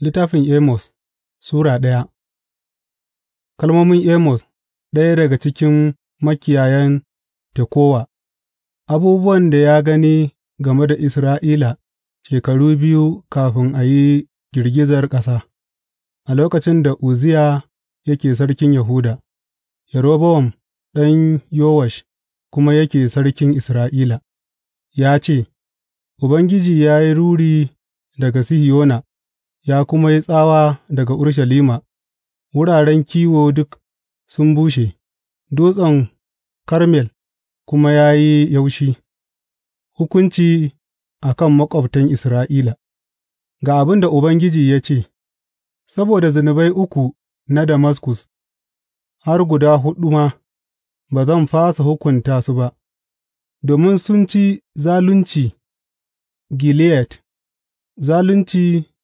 Littafin Amos Sura ɗaya Kalmomin Amos, ɗaya daga cikin makiyayan Tekowa, abubuwan da ya gani game da Isra'ila shekaru biyu kafin a yi girgizar ƙasa, a lokacin da Uziya yake sarkin Yahuda, Yerobowam ɗan Yowash kuma yake sarkin Isra'ila, ya ce, Ubangiji ya yi ruri daga Sihiyona. ya kuma yi tsawa daga Urushalima, wuraren kiwo duk sun bushe, Dutsen Karmel kuma ya yi yaushi, hukunci a kan maƙwabtan Isra'ila Ga abin da Ubangiji ya ce, Saboda zunubai uku na Damaskus, har guda huɗu ma, ba zan fasa hukunta su ba, domin sun ci zalunci Gilead, zalunci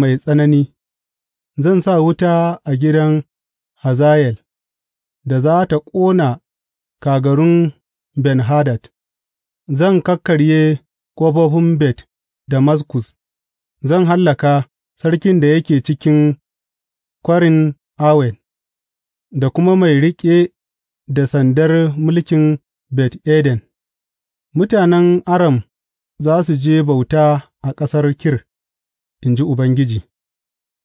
mai tsanani, zan sa wuta a gidan Hazayel da za ta ƙona kagarun Ben Hadad, zan kakkarye ƙofofin Bet Damaskus, zan hallaka sarkin da yake cikin kwarin Awen, da kuma mai riƙe da sandar mulkin Bet Eden, mutanen Aram za su je bauta a ƙasar Kir. in ji Ubangiji,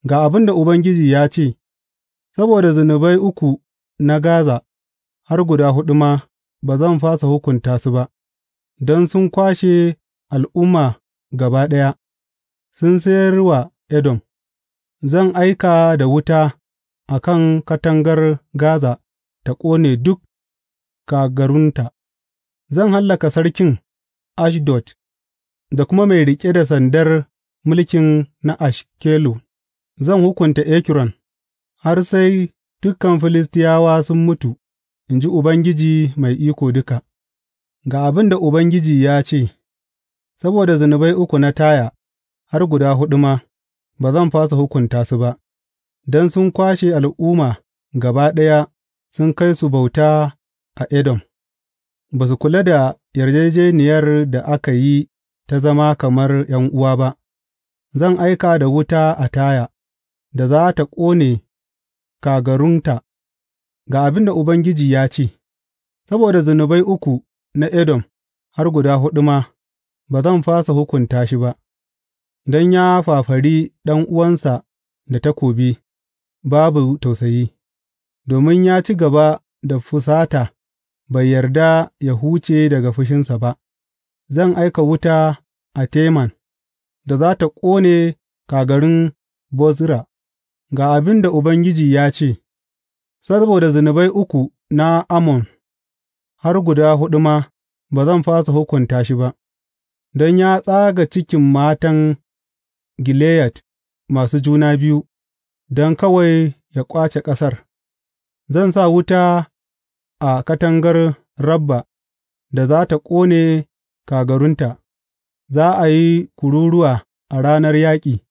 ga abin da Ubangiji ya ce, Saboda zunubai uku na Gaza, har guda huɗu ma, ba zan fasa hukunta su ba, don sun kwashe al'umma gaba ɗaya, sun sayar wa Edom, zan aika da wuta a kan katangar Gaza ta ƙone duk kagarunta, zan hallaka sarkin Ashdod da kuma mai riƙe da sandar mulkin na Ashkelu, zan hukunta Ekron, har sai dukan Filistiyawa sun mutu, in ji Ubangiji Mai Iko Duka. Ga abin da Ubangiji ya ce, Saboda zunubai uku na Taya, har guda huɗu ma, ba zan fasa hukunta su ba, don sun kwashe al'umma gaba ɗaya sun kai su bauta a Edom, ba su kula da yarjejeniyar da aka yi ta zama kamar 'yan uwa ba. Zan aika da wuta a Taya da za ta ƙone kagarunta, ga abin da Ubangiji ya ce, Saboda zunubai uku na Edom, har guda huɗu ma, ba zan fasa hukunta shi ba, don ya fafari uwansa da takobi, babu tausayi, domin ya ci gaba da fusata bai yarda ya huce daga fushinsa ba, zan aika wuta a Teman. da za tă ƙone kagarin Bozra Ga abin da Ubangiji ya ce, Saboda zunubai uku na Amon har guda huɗu ma, ba zan fasa hukunta shi ba, don ya tsaga cikin matan Gileyat masu juna biyu, don kawai ya ƙwace ƙasar, zan sa wuta a katangar Rabba da za ta ƙone kagarunta. Za a yi kururuwa a ranar yaƙi,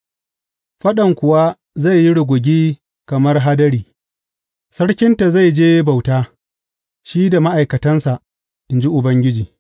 faɗan kuwa zai yi rugugi kamar hadari; sarkinta zai je bauta, shi da ma'aikatansa, in ji Ubangiji.